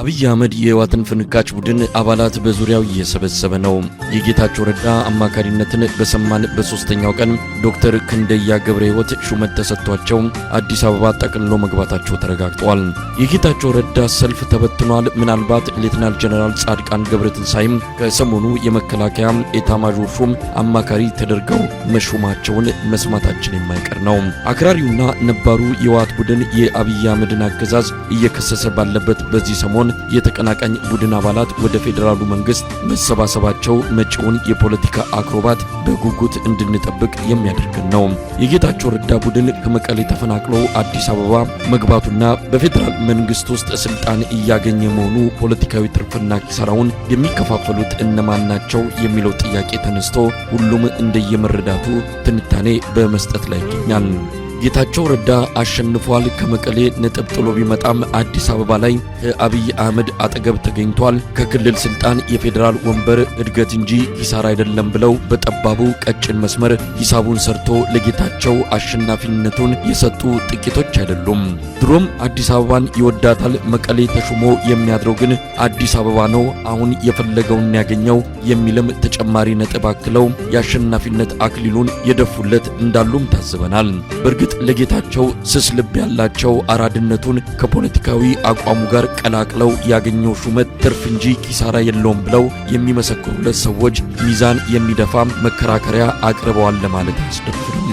አብይ አህመድ የህወሓትን ፍንካች ቡድን አባላት በዙሪያው እየሰበሰበ ነው። የጌታቸው ረዳ አማካሪነትን በሰማን በሶስተኛው ቀን ዶክተር ክንደያ ገብረ ህይወት ሹመት ተሰጥቷቸው አዲስ አበባ ጠቅልሎ መግባታቸው ተረጋግጧል። የጌታቸው ረዳ ሰልፍ ተበትኗል። ምናልባት ሌትናል ጀነራል ጻድቃን ገብረ ሳይም ከሰሞኑ የመከላከያ ኤታማዦር ሹም አማካሪ ተደርገው መሾማቸውን መስማታችን የማይቀር ነው። አክራሪውና ነባሩ የህወሓት ቡድን የአብይ አህመድን አገዛዝ እየከሰሰ ባለበት በዚህ ሰሞን ሲሆን የተቀናቃኝ ቡድን አባላት ወደ ፌዴራሉ መንግስት መሰባሰባቸው መጪውን የፖለቲካ አክሮባት በጉጉት እንድንጠብቅ የሚያደርገን ነው። የጌታቸው ረዳ ቡድን ከመቀሌ ተፈናቅሎ አዲስ አበባ መግባቱና በፌዴራል መንግስት ውስጥ ስልጣን እያገኘ መሆኑ ፖለቲካዊ ትርፍና ኪሳራውን የሚከፋፈሉት እነማን ናቸው የሚለው ጥያቄ ተነስቶ ሁሉም እንደየመረዳቱ ትንታኔ በመስጠት ላይ ይገኛል። ጌታቸው ረዳ አሸንፏል። ከመቀሌ ነጥብ ጥሎ ቢመጣም አዲስ አበባ ላይ ከአብይ አህመድ አጠገብ ተገኝቷል። ከክልል ስልጣን የፌዴራል ወንበር እድገት እንጂ ሂሳር አይደለም ብለው በጠባቡ ቀጭን መስመር ሂሳቡን ሰርቶ ለጌታቸው አሸናፊነቱን የሰጡ ጥቂቶች አይደሉም። ድሮም አዲስ አበባን ይወዳታል። መቀሌ ተሹሞ የሚያድረው ግን አዲስ አበባ ነው፣ አሁን የፈለገውን ያገኘው የሚልም ተጨማሪ ነጥብ አክለው የአሸናፊነት አክሊሉን የደፉለት እንዳሉም ታዝበናል። በእርግጥ ለጌታቸው ስስ ልብ ያላቸው አራድነቱን ከፖለቲካዊ አቋሙ ጋር ቀላቅለው ያገኘው ሹመት ትርፍ እንጂ ኪሳራ የለውም ብለው የሚመሰክሩለት ሰዎች ሚዛን የሚደፋም መከራከሪያ አቅርበዋል ለማለት አያስደፍርም።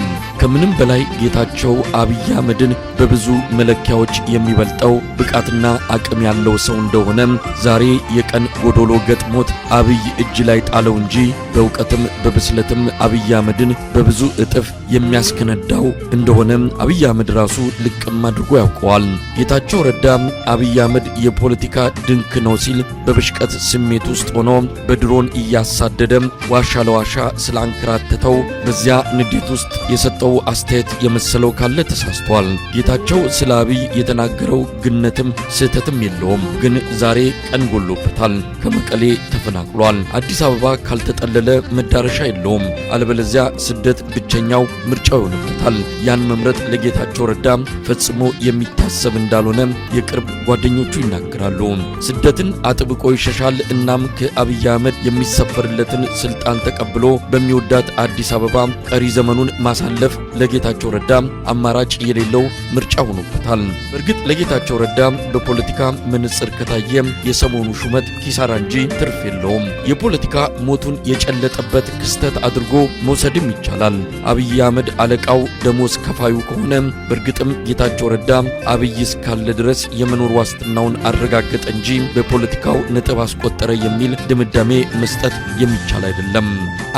ከምንም በላይ ጌታቸው አብይ አህመድን በብዙ መለኪያዎች የሚበልጠው ብቃትና አቅም ያለው ሰው እንደሆነ ዛሬ የቀን ጎዶሎ ገጥሞት አብይ እጅ ላይ ጣለው እንጂ በእውቀትም በብስለትም አብይ አህመድን በብዙ እጥፍ የሚያስከነዳው እንደሆነ አብይ አህመድ ራሱ ልቅም አድርጎ ያውቀዋል። ጌታቸው ረዳ አብይ አህመድ የፖለቲካ ድንክ ነው ሲል በብሽቀት ስሜት ውስጥ ሆኖ በድሮን እያሳደደ ዋሻ ለዋሻ ስላንከራተተው በዚያ ንዴት ውስጥ የሰጠው አስተያየት የመሰለው ካለ ተሳስቷል። ጌታቸው ስለ አብይ የተናገረው ግነትም ስህተትም የለውም። ግን ዛሬ ቀን ጎሎበታል። ከመቀሌ ተፈናቅሏል። አዲስ አበባ ካልተጠለለ መዳረሻ የለውም። አለበለዚያ ስደት ብቸኛው ምርጫው ይሆንበታል። ያን መምረጥ ለጌታቸው ረዳ ፈጽሞ የሚታሰብ እንዳልሆነ የቅርብ ጓደኞቹ ይናገራሉ። ስደትን አጥብቆ ይሸሻል። እናም ከአብይ አህመድ የሚሰፈርለትን ስልጣን ተቀብሎ በሚወዳት አዲስ አበባ ቀሪ ዘመኑን ማሳለፍ ለጌታቸው ረዳ አማራጭ የሌለው ምርጫ ሆኖበታል። በእርግጥ ለጌታቸው ረዳ በፖለቲካ መነጽር ከታየ የሰሞኑ ሹመት ኪሳራ እንጂ ትርፍ የለውም። የፖለቲካ ሞቱን የጨለጠበት ክስተት አድርጎ መውሰድም ይቻላል። አብይ አህመድ አለቃው ደሞዝ ከፋዩ ከሆነ በእርግጥም ጌታቸው ረዳ አብይ እስካለ ድረስ የመኖር ዋስትናውን አረጋገጠ እንጂ በፖለቲካው ነጥብ አስቆጠረ የሚል ድምዳሜ መስጠት የሚቻል አይደለም።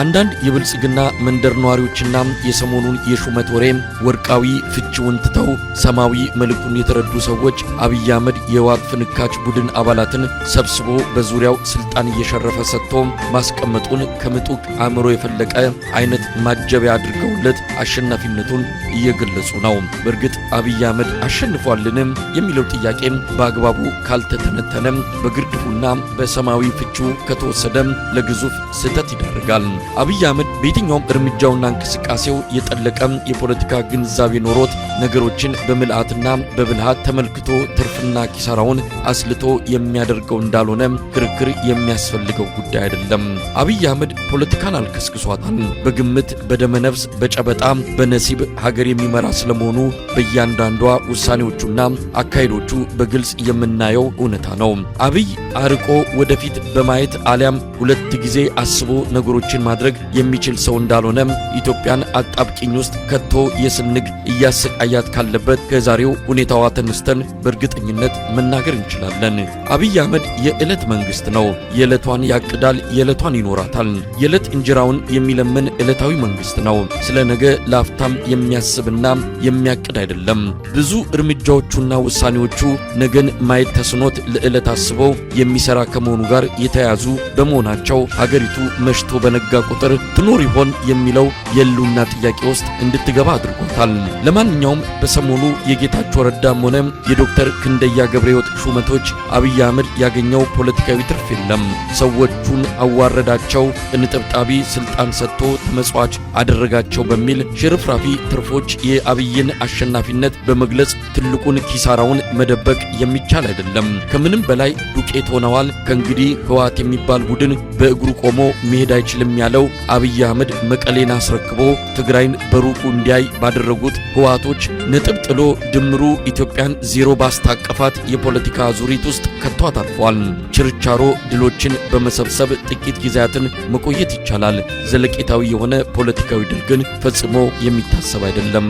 አንዳንድ የብልጽግና መንደር ነዋሪዎችና የሰሞኑን የሹመት ወሬም ወርቃዊ ፍቺውን ትተው ሰማዊ መልኩን የተረዱ ሰዎች አብይ አህመድ የዋግ ፍንካች ቡድን አባላትን ሰብስቦ በዙሪያው ስልጣን እየሸረፈ ሰጥቶ ማስቀመጡን ከምጡቅ አእምሮ የፈለቀ አይነት ማጀቢያ አድርገውለት አሸናፊነቱን እየገለጹ ነው። በእርግጥ አብይ አህመድ አሸንፏልንም የሚለው ጥያቄም በአግባቡ ካልተተነተነም በግርድፉና በሰማዊ ፍቹ ከተወሰደም ለግዙፍ ስህተት ይዳርጋል። አብይ አህመድ በየትኛውም እርምጃውና እንቅስቃሴው የጠለቀ የላቀም የፖለቲካ ግንዛቤ ኖሮት ነገሮችን በምልአትና በብልሃት ተመልክቶ ትርፍና ኪሳራውን አስልቶ የሚያደርገው እንዳልሆነ ክርክር የሚያስፈልገው ጉዳይ አይደለም። አብይ አህመድ ፖለቲካን አልከስክሷታል። በግምት፣ በደመነፍስ፣ በጨበጣ፣ በነሲብ ሀገር የሚመራ ስለመሆኑ በእያንዳንዷ ውሳኔዎቹና አካሄዶቹ በግልጽ የምናየው እውነታ ነው። አብይ አርቆ ወደፊት በማየት አሊያም ሁለት ጊዜ አስቦ ነገሮችን ማድረግ የሚችል ሰው እንዳልሆነ ኢትዮጵያን አጣብቂኝ ውስጥ መንግስት ከቶ የስም ንግድ እያሰቃያት ካለበት ከዛሬው ሁኔታዋ ተነስተን በእርግጠኝነት መናገር እንችላለን። አብይ አህመድ የዕለት መንግስት ነው። የዕለቷን ያቅዳል፣ የዕለቷን ይኖራታል። የዕለት እንጀራውን የሚለምን ዕለታዊ መንግስት ነው። ስለ ነገ ለአፍታም የሚያስብና የሚያቅድ አይደለም። ብዙ እርምጃዎቹና ውሳኔዎቹ ነገን ማየት ተስኖት ለዕለት አስበው የሚሰራ ከመሆኑ ጋር የተያያዙ በመሆናቸው ሀገሪቱ መሽቶ በነጋ ቁጥር ትኖር ይሆን የሚለው የሉና ጥያቄ ውስጥ እንድትገባ አድርጎታል። ለማንኛውም በሰሞኑ የጌታቸው ረዳም ሆነ የዶክተር ክንደያ ገብረሕይወት ሹመቶች አብይ አህመድ ያገኘው ፖለቲካዊ ትርፍ የለም። ሰዎቹን አዋረዳቸው፣ እንጥብጣቢ ስልጣን ሰጥቶ ተመጽዋች አደረጋቸው በሚል ሽርፍራፊ ትርፎች የአብይን አሸናፊነት በመግለጽ ትልቁን ኪሳራውን መደበቅ የሚቻል አይደለም። ከምንም በላይ ዱቄት ሆነዋል። ከእንግዲህ ህወሓት የሚባል ቡድን በእግሩ ቆሞ መሄድ አይችልም ያለው አብይ አህመድ መቀሌን አስረክቦ ትግራይን በሩ ከሩቁ እንዲያይ ባደረጉት ህዋቶች ነጥብ ጥሎ ድምሩ ኢትዮጵያን ዜሮ ባስታቀፋት የፖለቲካ አዙሪት ውስጥ ከቶ አታርፏል። ችርቻሮ ድሎችን በመሰብሰብ ጥቂት ጊዜያትን መቆየት ይቻላል። ዘለቄታዊ የሆነ ፖለቲካዊ ድል ግን ፈጽሞ የሚታሰብ አይደለም።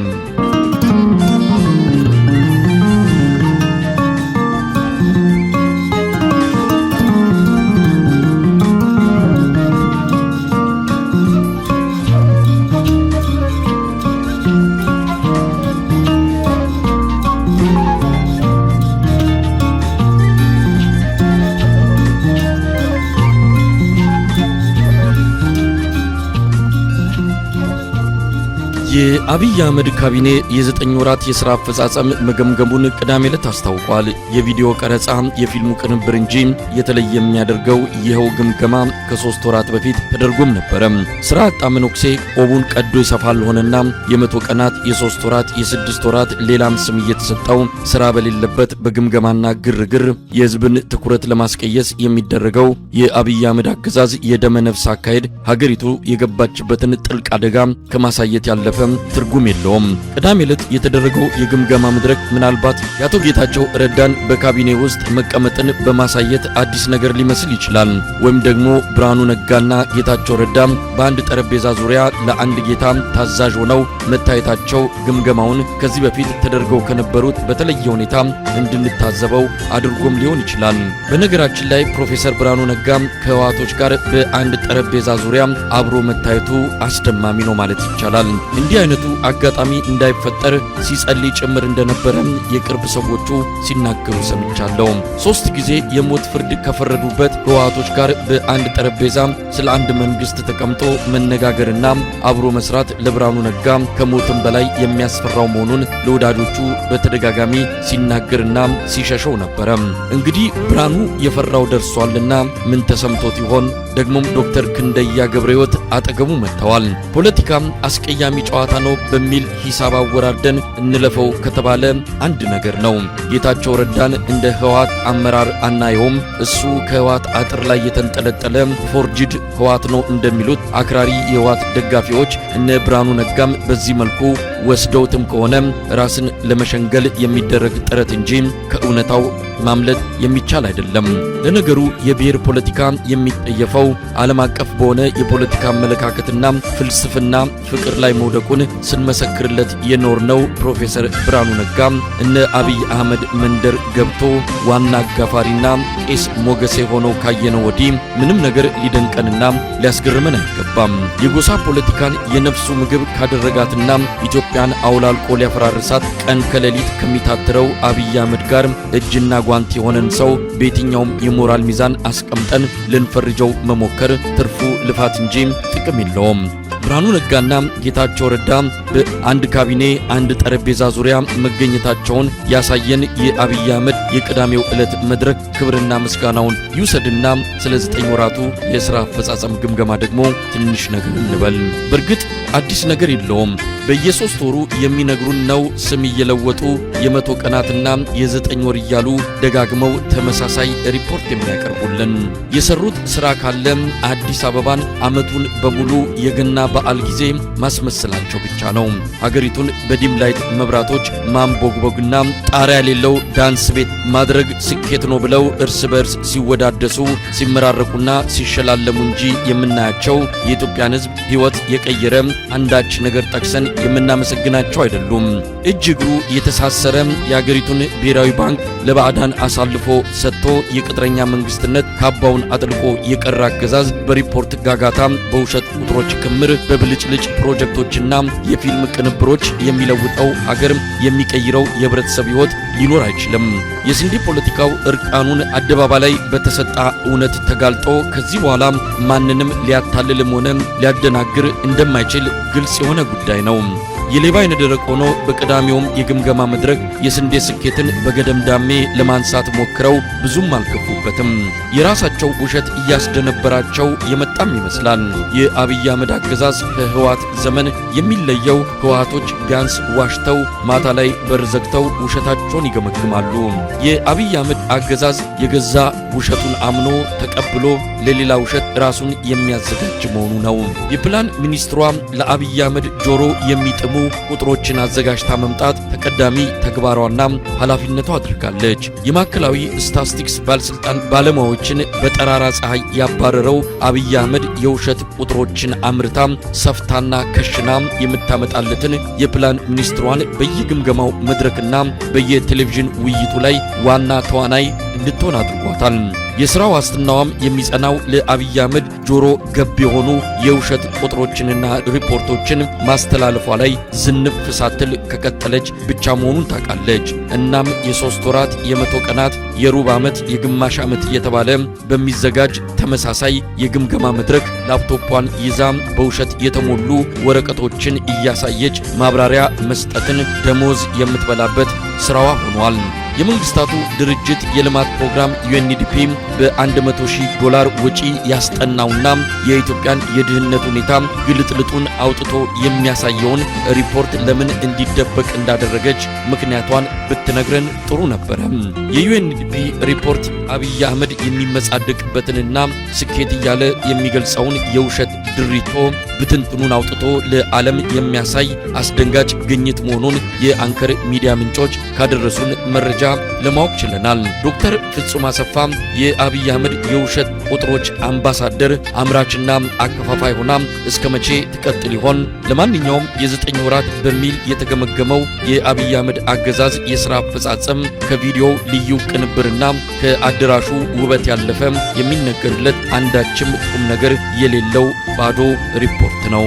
የአብይ አህመድ ካቢኔ የዘጠኝ ወራት የሥራ አፈጻጸም መገምገሙን ቅዳሜ ዕለት አስታውቋል። የቪዲዮ ቀረጻ፣ የፊልሙ ቅንብር እንጂ የተለየ የሚያደርገው ይኸው ግምገማ ከሦስት ወራት በፊት ተደርጎም ነበረ። ሥራ አጣ መነኩሴ ቆቡን ቀዶ ይሰፋል ሆነና የመቶ ቀናት የሦስት ወራት የስድስት ወራት ሌላም ስም እየተሰጠው ሥራ በሌለበት በግምገማና ግርግር የሕዝብን ትኩረት ለማስቀየስ የሚደረገው የአብይ አህመድ አገዛዝ የደመ ነፍስ አካሄድ ሀገሪቱ የገባችበትን ጥልቅ አደጋ ከማሳየት ያለፈ መፈጸም ትርጉም የለውም። ቅዳሜ ዕለት የተደረገው የግምገማ መድረክ ምናልባት የአቶ ጌታቸው ረዳን በካቢኔ ውስጥ መቀመጥን በማሳየት አዲስ ነገር ሊመስል ይችላል። ወይም ደግሞ ብርሃኑ ነጋና ጌታቸው ረዳ በአንድ ጠረጴዛ ዙሪያ ለአንድ ጌታ ታዛዥ ሆነው መታየታቸው ግምገማውን ከዚህ በፊት ተደርገው ከነበሩት በተለየ ሁኔታ እንድንታዘበው አድርጎም ሊሆን ይችላል። በነገራችን ላይ ፕሮፌሰር ብርሃኑ ነጋ ከህወሓቶች ጋር በአንድ ጠረጴዛ ዙሪያ አብሮ መታየቱ አስደማሚ ነው ማለት ይቻላል። አይነቱ አጋጣሚ እንዳይፈጠር ሲጸልይ ጭምር እንደነበረም የቅርብ ሰዎቹ ሲናገሩ ሰምቻለሁ። ሶስት ጊዜ የሞት ፍርድ ከፈረዱበት ህወሓቶች ጋር በአንድ ጠረጴዛ ስለ አንድ መንግስት ተቀምጦ መነጋገርና አብሮ መስራት ለብርሃኑ ነጋ ከሞትም በላይ የሚያስፈራው መሆኑን ለወዳጆቹ በተደጋጋሚ ሲናገርና ሲሸሸው ነበረ። እንግዲህ ብርሃኑ የፈራው ደርሷልና ምን ተሰምቶት ይሆን? ደግሞም ዶክተር ክንደያ ገብረ ሕይወት አጠገቡ መጥተዋል። ፖለቲካም አስቀያሚ ጨዋታ ነው በሚል ሂሳብ አወራርደን እንለፈው ከተባለ አንድ ነገር ነው። ጌታቸው ረዳን እንደ ህወሓት አመራር አናየውም። እሱ ከህወሓት አጥር ላይ የተንጠለጠለ ፎርጅድ ህወሓት ነው እንደሚሉት አክራሪ የህወሓት ደጋፊዎች እነ ብርሃኑ ነጋም በዚህ መልኩ ወስደውትም ከሆነ ራስን ለመሸንገል የሚደረግ ጥረት እንጂ ከእውነታው ማምለጥ የሚቻል አይደለም። ለነገሩ የብሔር ፖለቲካ የሚጠየፈው ዓለም አቀፍ በሆነ የፖለቲካ አመለካከትና ፍልስፍና ፍቅር ላይ መውደቁን ስንመሰክርለት የኖርነው ፕሮፌሰር ብርሃኑ ነጋ እነ አብይ አህመድ መንደር ገብቶ ዋና አጋፋሪና ቄስ ሞገሴ ሆነው ካየነው ወዲህ ምንም ነገር ሊደንቀንና ሊያስገርመን አይገባም። የጎሳ ፖለቲካን የነፍሱ ምግብ ካደረጋትና ኢትዮጵያ ኢትዮጵያን አውላልቆ ሊያፈራርሳት ቀን ከሌሊት ከሚታትረው አብይ አህመድ ጋር እጅና ጓንት የሆነን ሰው በየትኛውም የሞራል ሚዛን አስቀምጠን ልንፈርጀው መሞከር ትርፉ ልፋት እንጂ ጥቅም የለውም። ብርሃኑ ነጋና ጌታቸው ረዳ በአንድ ካቢኔ አንድ ጠረጴዛ ዙሪያ መገኘታቸውን ያሳየን የአብይ አህመድ የቅዳሜው ዕለት መድረክ ክብርና ምስጋናውን ይውሰድና ስለ ዘጠኝ ወራቱ የሥራ አፈጻጸም ግምገማ ደግሞ ትንሽ ነገር እንበል። በእርግጥ አዲስ ነገር የለውም። በየሶስት ወሩ የሚነግሩን ነው። ስም እየለወጡ የመቶ ቀናትና የዘጠኝ ወር እያሉ ደጋግመው ተመሳሳይ ሪፖርት የሚያቀርቡልን የሰሩት ሥራ ካለ አዲስ አበባን ዓመቱን በሙሉ የገና በዓል ጊዜ ማስመሰላቸው ብቻ ነው። ሀገሪቱን በዲም ላይት መብራቶች ማንቦግቦግና ጣሪያ የሌለው ዳንስ ቤት ማድረግ ስኬት ነው ብለው እርስ በርስ ሲወዳደሱ ሲመራረቁና ሲሸላለሙ እንጂ የምናያቸው የኢትዮጵያን ሕዝብ ሕይወት የቀየረ አንዳች ነገር ጠቅሰን የምናመሰግናቸው አይደሉም። እጅ እግሩ የተሳሰረ የአገሪቱን ብሔራዊ ባንክ ለባዕዳን አሳልፎ ሰጥቶ የቅጥረኛ መንግስትነት ካባውን አጥልቆ የቀረ አገዛዝ በሪፖርት ጋጋታ በውሸት ቁጥሮች ክምር በብልጭልጭ ፕሮጀክቶችና የፊልም ቅንብሮች የሚለውጠው አገር የሚቀይረው የህብረተሰብ ህይወት ሊኖር አይችልም። የስንዴ ፖለቲካው እርቃኑን አደባባይ ላይ በተሰጣ እውነት ተጋልጦ ከዚህ በኋላ ማንንም ሊያታልልም ሆነ ሊያደናግር እንደማይችል ግልጽ የሆነ ጉዳይ ነው። የሌባ አይነ ደረቅ ሆኖ በቅዳሜውም የግምገማ መድረክ የስንዴ ስኬትን በገደምዳሜ ለማንሳት ሞክረው ብዙም አልገፉበትም። የራሳቸው ውሸት እያስደነበራቸው የመጣም ይመስላል። የአብይ አህመድ አገዛዝ ከህወሓት ዘመን የሚለየው ህወሓቶች ቢያንስ ዋሽተው ማታ ላይ በር ዘግተው ውሸታቸውን ይገመግማሉ። የአብይ አህመድ አገዛዝ የገዛ ውሸቱን አምኖ ተቀብሎ ለሌላ ውሸት ራሱን የሚያዘጋጅ መሆኑ ነው። የፕላን ሚኒስትሯ ለአብይ አህመድ ጆሮ የሚጥሙ ቁጥሮችን አዘጋጅታ መምጣት ተቀዳሚ ተግባሯና ኃላፊነቷ አድርጋለች። የማዕከላዊ ስታስቲክስ ባለሥልጣን ባለሙያዎችን በጠራራ ፀሐይ ያባረረው አብይ አህመድ የውሸት ቁጥሮችን አምርታ ሰፍታና ከሽና የምታመጣለትን የፕላን ሚኒስትሯን በየግምገማው መድረክና በየቴሌቪዥን ውይይቱ ላይ ዋና ተዋናይ እንድትሆን አድርጓታል። የሥራ ዋስትናዋም የሚጸናው ለአብይ አህመድ ጆሮ ገብ የሆኑ የውሸት ቁጥሮችንና ሪፖርቶችን ማስተላለፏ ላይ ዝንፍ ሳትል ከቀጠለች ብቻ መሆኑን ታውቃለች። እናም የሦስት ወራት፣ የመቶ ቀናት፣ የሩብ ዓመት፣ የግማሽ ዓመት እየተባለ በሚዘጋጅ ተመሳሳይ የግምገማ መድረክ ላፕቶፑን ይዛ በውሸት የተሞሉ ወረቀቶችን እያሳየች ማብራሪያ መስጠትን ደሞዝ የምትበላበት ሥራዋ ሆኗል። የመንግስታቱ ድርጅት የልማት ፕሮግራም ዩኤንዲፒ በ100 ሺህ ዶላር ወጪ ያስጠናውና የኢትዮጵያን የድህነት ሁኔታ ግልጥልጡን አውጥቶ የሚያሳየውን ሪፖርት ለምን እንዲደበቅ እንዳደረገች ምክንያቷን ብትነግረን ጥሩ ነበረ። የዩኤንዲፒ ሪፖርት አብይ አህመድ የሚመጻደቅበትንና ስኬት እያለ የሚገልጸውን የውሸት ድሪቶ ብትንትኑን አውጥቶ ለዓለም የሚያሳይ አስደንጋጭ ግኝት መሆኑን የአንከር ሚዲያ ምንጮች ካደረሱን መረጃ ለማወቅ ችለናል። ዶክተር ፍጹም አሰፋ የአብይ አህመድ የውሸት ቁጥሮች አምባሳደር አምራችና አከፋፋይ ሆና እስከ መቼ ትቀጥል ይሆን? ለማንኛውም የዘጠኝ ወራት በሚል የተገመገመው የአብይ አህመድ አገዛዝ የሥራ አፈጻጸም ከቪዲዮው ልዩ ቅንብርና ከአዳራሹ ውበት ያለፈ የሚነገርለት አንዳችም ቁም ነገር የሌለው ተዋሕዶ ሪፖርት ነው።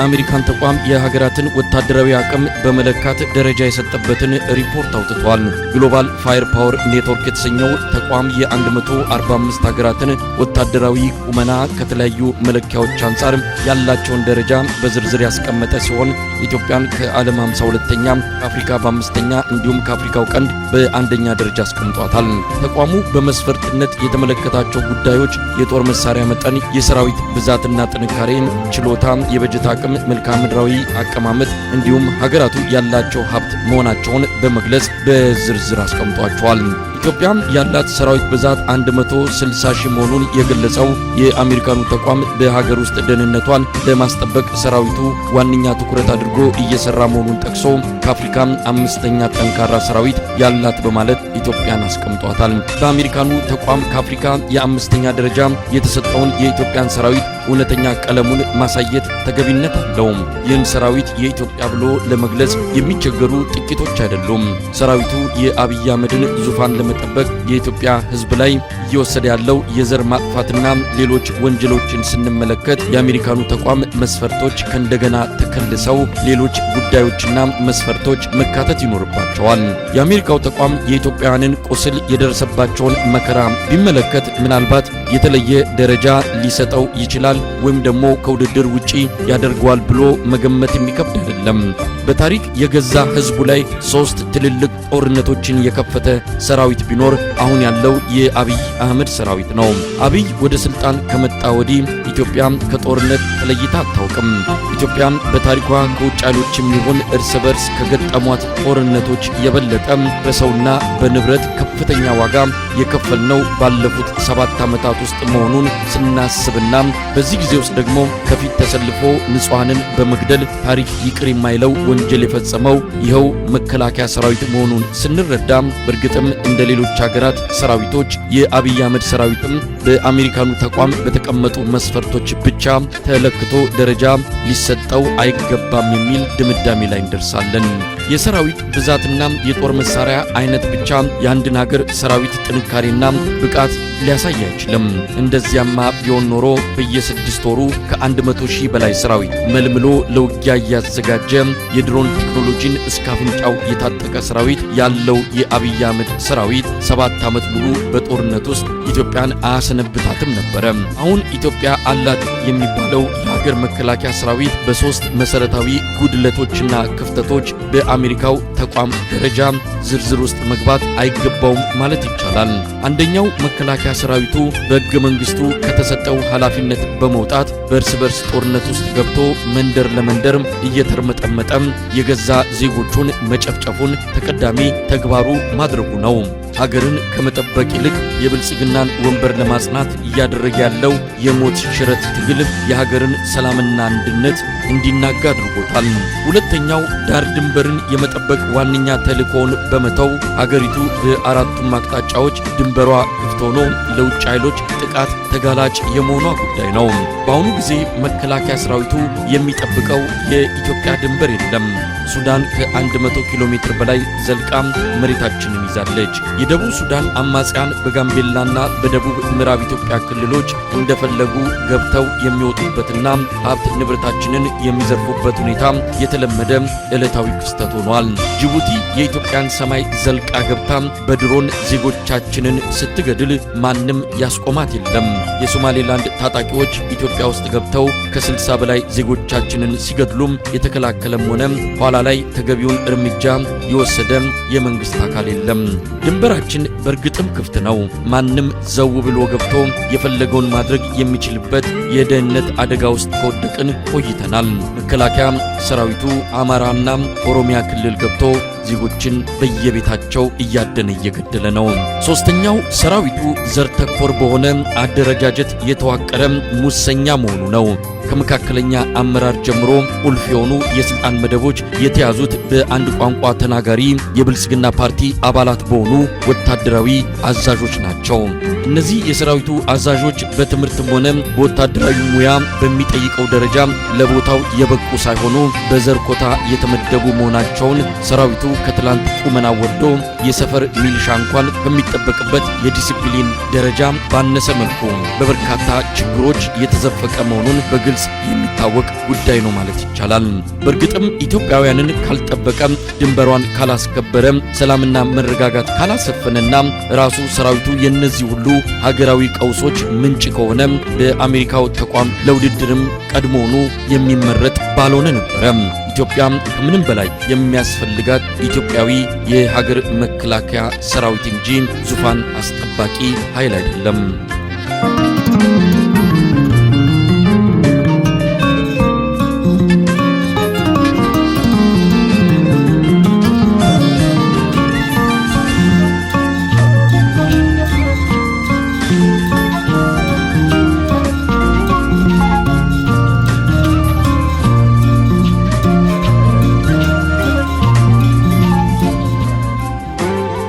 የአሜሪካን ተቋም የሀገራትን ወታደራዊ አቅም በመለካት ደረጃ የሰጠበትን ሪፖርት አውጥቷል። ግሎባል ፋየር ፓወር ኔትወርክ የተሰኘው ተቋም የ145 ሀገራትን ወታደራዊ ቁመና ከተለያዩ መለኪያዎች አንጻር ያላቸውን ደረጃ በዝርዝር ያስቀመጠ ሲሆን ኢትዮጵያን ከዓለም 52ኛ ከአፍሪካ በአምስተኛ እንዲሁም ከአፍሪካው ቀንድ በአንደኛ ደረጃ አስቀምጧታል። ተቋሙ በመስፈርትነት የተመለከታቸው ጉዳዮች የጦር መሳሪያ መጠን፣ የሰራዊት ብዛትና ጥንካሬ፣ ችሎታ፣ የበጀት አቅም አቅም፣ መልክዓ ምድራዊ አቀማመጥ እንዲሁም ሀገራቱ ያላቸው ሀብት መሆናቸውን በመግለጽ በዝርዝር አስቀምጧቸዋል። ኢትዮጵያም ያላት ሰራዊት ብዛት 160 ሺህ መሆኑን የገለጸው የአሜሪካኑ ተቋም በሀገር ውስጥ ደህንነቷን ለማስጠበቅ ሰራዊቱ ዋነኛ ትኩረት አድርጎ እየሰራ መሆኑን ጠቅሶ ከአፍሪካም አምስተኛ ጠንካራ ሰራዊት ያላት በማለት ኢትዮጵያን አስቀምጧታል። በአሜሪካኑ ተቋም ከአፍሪካ የአምስተኛ ደረጃ የተሰጠውን የኢትዮጵያን ሰራዊት እውነተኛ ቀለሙን ማሳየት ተገቢነት አለውም። ይህን ሰራዊት የኢትዮጵያ ብሎ ለመግለጽ የሚቸገሩ ጥቂቶች አይደሉም። ሰራዊቱ የአብይ አህመድን ዙፋን በመጠበቅ የኢትዮጵያ ሕዝብ ላይ እየወሰደ ያለው የዘር ማጥፋትና ሌሎች ወንጀሎችን ስንመለከት የአሜሪካኑ ተቋም መስፈርቶች ከእንደገና ተከልሰው ሌሎች ጉዳዮችና መስፈርቶች መካተት ይኖርባቸዋል። የአሜሪካው ተቋም የኢትዮጵያውያንን ቁስል የደረሰባቸውን መከራ ቢመለከት ምናልባት የተለየ ደረጃ ሊሰጠው ይችላል ወይም ደግሞ ከውድድር ውጪ ያደርገዋል ብሎ መገመት የሚከብድ አይደለም። በታሪክ የገዛ ሕዝቡ ላይ ሶስት ትልልቅ ጦርነቶችን የከፈተ ሰራዊት ሰራዊት ቢኖር አሁን ያለው የአብይ አህመድ ሰራዊት ነው። አብይ ወደ ስልጣን ከመጣ ወዲህ ኢትዮጵያ ከጦርነት ተለይታ አታውቅም። ኢትዮጵያ በታሪኳ ከውጭ የሚሆን እርስ በርስ ከገጠሟት ጦርነቶች የበለጠ በሰውና በንብረት ከፍተኛ ዋጋ የከፈልነው ባለፉት ሰባት ዓመታት ውስጥ መሆኑን ስናስብና በዚህ ጊዜ ውስጥ ደግሞ ከፊት ተሰልፎ ንጹሐንን በመግደል ታሪክ ይቅር የማይለው ወንጀል የፈጸመው ይኸው መከላከያ ሰራዊት መሆኑን ስንረዳ በእርግጥም እንደ ሌሎች ሀገራት ሰራዊቶች የአብይ አህመድ ሰራዊትም በአሜሪካኑ ተቋም በተቀመጡ መስፈርቶች ብቻ ተለክቶ ደረጃ ሊሰጠው አይገባም የሚል ድምዳሜ ላይ እንደርሳለን። የሰራዊት ብዛትና የጦር መሳሪያ አይነት ብቻ የአንድን ሀገር ሰራዊት ጥንካሬና ብቃት ሊያሳይ አይችልም። እንደዚያማ ቢሆን ኖሮ በየስድስት ወሩ ከ100 ሺህ በላይ ሰራዊት መልምሎ ለውጊያ እያዘጋጀ የድሮን ቴክኖሎጂን እስከ አፍንጫው የታጠቀ ሰራዊት ያለው የአብይ አህመድ ሰራዊት ሰባት ዓመት ሙሉ በጦርነት ውስጥ ኢትዮጵያን አያሰነብታትም ነበረ። አሁን ኢትዮጵያ አላት የሚባለው የሀገር መከላከያ ሰራዊት በሶስት መሰረታዊ ጉድለቶችና ክፍተቶች በአ አሜሪካው ተቋም ደረጃ ዝርዝር ውስጥ መግባት አይገባውም ማለት ይቻላል። አንደኛው መከላከያ ሰራዊቱ በሕገ መንግስቱ ከተሰጠው ኃላፊነት በመውጣት በእርስ በርስ ጦርነት ውስጥ ገብቶ መንደር ለመንደር እየተርመጠመጠም የገዛ ዜጎቹን መጨፍጨፉን ተቀዳሚ ተግባሩ ማድረጉ ነው። ሀገርን ከመጠበቅ ይልቅ የብልጽግናን ወንበር ለማጽናት እያደረገ ያለው የሞት ሽረት ትግል የሀገርን ሰላምና አንድነት እንዲናጋ አድርጎታል። ሁለተኛው ዳር ድንበርን የመጠበቅ ዋነኛ ተልእኮውን በመተው ሀገሪቱ በአራቱም አቅጣጫዎች ድንበሯ ክፍት ሆኖ ለውጭ ኃይሎች ጥቃት ተጋላጭ የመሆኗ ጉዳይ ነው። በአሁኑ ጊዜ መከላከያ ሰራዊቱ የሚጠብቀው የኢትዮጵያ ድንበር የለም። ሱዳን ከ100 ኪሎ ሜትር በላይ ዘልቃ መሬታችንን ይዛለች። የደቡብ ሱዳን አማጽያን በጋምቤላና በደቡብ ምዕራብ ኢትዮጵያ ክልሎች እንደፈለጉ ገብተው የሚወጡበትና ሀብት ንብረታችንን የሚዘርፉበት ሁኔታ የተለመደ ዕለታዊ ክስተት ሆኗል። ጅቡቲ የኢትዮጵያን ሰማይ ዘልቃ ገብታ በድሮን ዜጎቻችንን ስትገድል ማንም ያስቆማት የለም። የሶማሌላንድ ታጣቂዎች ኢትዮጵያ ውስጥ ገብተው ከ60 በላይ ዜጎቻችንን ሲገድሉም የተከላከለም ሆነ ኋላ ላይ ተገቢውን እርምጃ የወሰደ የመንግስት አካል የለም። ድንበራችን በእርግጥም ክፍት ነው። ማንም ዘው ብሎ ገብቶ የፈለገውን ማድረግ የሚችልበት የደህንነት አደጋ ውስጥ ከወደቅን ቆይተናል። መከላከያ ሰራዊቱ አማራና ኦሮሚያ ክልል ገብቶ ዜጎችን በየቤታቸው እያደነ እየገደለ ነው። ሶስተኛው ሰራዊቱ ዘር ተኮር በሆነ አደረጃጀት የተዋቀረ ሙሰኛ መሆኑ ነው። ከመካከለኛ አመራር ጀምሮ ቁልፍ የሆኑ የስልጣን መደቦች የተያዙት በአንድ ቋንቋ ተናጋሪ የብልጽግና ፓርቲ አባላት በሆኑ ወታደራዊ አዛዦች ናቸው። እነዚህ የሰራዊቱ አዛዦች በትምህርትም ሆነ በወታደራዊ ሙያ በሚጠይቀው ደረጃ ለቦታው የበቁ ሳይሆኑ በዘር ኮታ የተመደቡ መሆናቸውን ሰራዊቱ ከትላንት ቁመና ወርዶ የሰፈር ሚሊሻ እንኳን በሚጠበቅበት የዲሲፕሊን ደረጃ ባነሰ መልኩ በበርካታ ችግሮች የተዘፈቀ መሆኑን በግልጽ የሚታወቅ ጉዳይ ነው ማለት ይቻላል። በእርግጥም ኢትዮጵያውያንን ካልጠበቀ፣ ድንበሯን ካላስከበረ፣ ሰላምና መረጋጋት ካላሰፈነና ራሱ ሰራዊቱ የእነዚህ ሁሉ ሀገራዊ ቀውሶች ምንጭ ከሆነ በአሜሪካው ተቋም ለውድድርም ቀድሞውኑ የሚመረጥ ባልሆነ ነበረ። ኢትዮጵያም ከምንም በላይ የሚያስፈልጋት ኢትዮጵያዊ የሀገር መከላከያ ሰራዊት እንጂ ዙፋን አስጠባቂ ኃይል አይደለም።